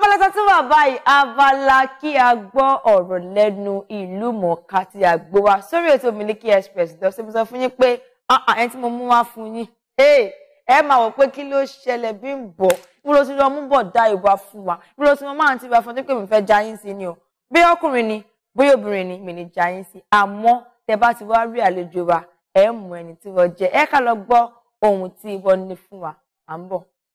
abala tá tún wà báyìí abala kí a gbọ́ ọ̀rọ̀ lẹ́nu ìlú mọ̀ọ́ká tí a gbé wá sórí ètò Miliki Express lọ́sẹ̀ mo sọ fún yín pé ẹni tí mo mú wá fún yín ẹ máa wọ̀ pé kí ló ṣẹlẹ̀ bí ń bọ̀ bí ló ti lọ mú bọ̀ dá ìwà fún wa bí ló ti lọ máa ń tibà fún pé mi fẹ́ já yín sí ni o bí ọkùnrin ni bóyá obìnrin ni mi ní já yín sí àmọ́ tẹ bá ti wá rí àlejò wa ẹ mú ẹni tí wọ́n jẹ ẹ ká lọ gbọ́ ohun tí wọ́n ní fún wa à ń bọ̀.